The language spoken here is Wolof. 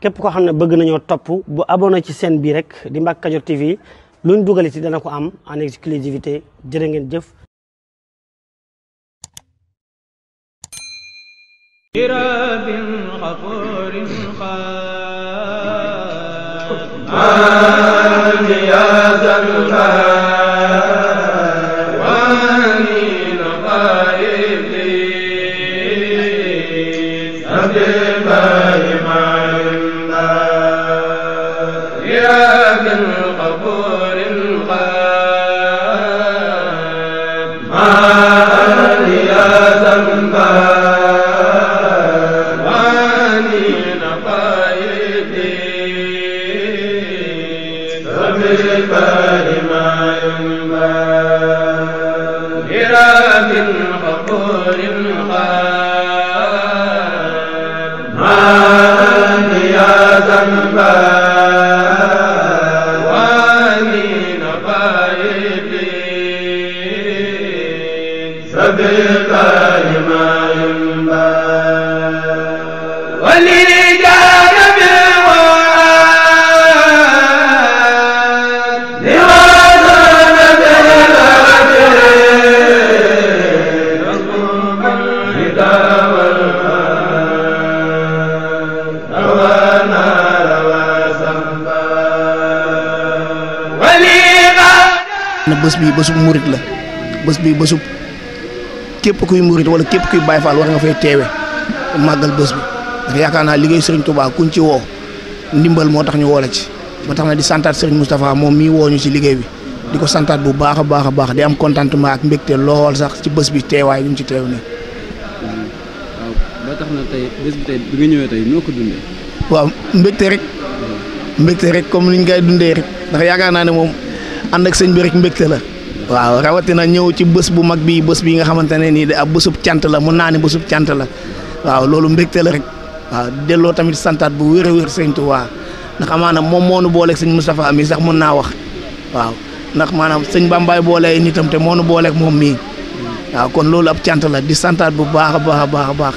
képp koo xam ne bëgg nañoo topp bu abonné ci seen bii rek di Mbacke Kadior TV lu ñu dugal ci dana ko am en exclusivité jërë ngeen jëf Amen. وبالبار ما ينبى إرام غفور قال ما يا ذنبا فبالقال ما ينبى ولي na bés bi bésub murit la bés bi bésub képp kuy murit wala képp kuy Baay Faal war nga fay teewe màggal bés bi ndax yaakaar naa liggéey sëriñ Touba kuñ ci woo ndimbal moo tax ñu woo ci ba tax na di santaat sëriñ Moustapha moom mii woo ci liggéey bi di ko santaat bu baax a baax a baax di am contentement ak mbégte lool sax ci bés bi teewaay bi ci teew nii. ba tax na tey bés bi comme niñ koy dundee rek ndax yaakaar naa ne moom ànd ak sëñ bi rek mbégte la waaw rawatina ñëw ci bés bu mag bii bés bii nga xamante ne nii de ab bésub cant la mun naa ne bésub cant la waaw loolu mbégte la rek waaw delloo tamit santaat bu wér a wér sëñ Tuubaa ndax amaana moom moo nu booleeg sëñ Moustapha mii sax mun naa wax waaw ndax maanaam sëñ Bambaay boolee nitam te moo nu booleek moom mii waaw kon loolu ab cant la di santaat bu baax a baax a baax a baax.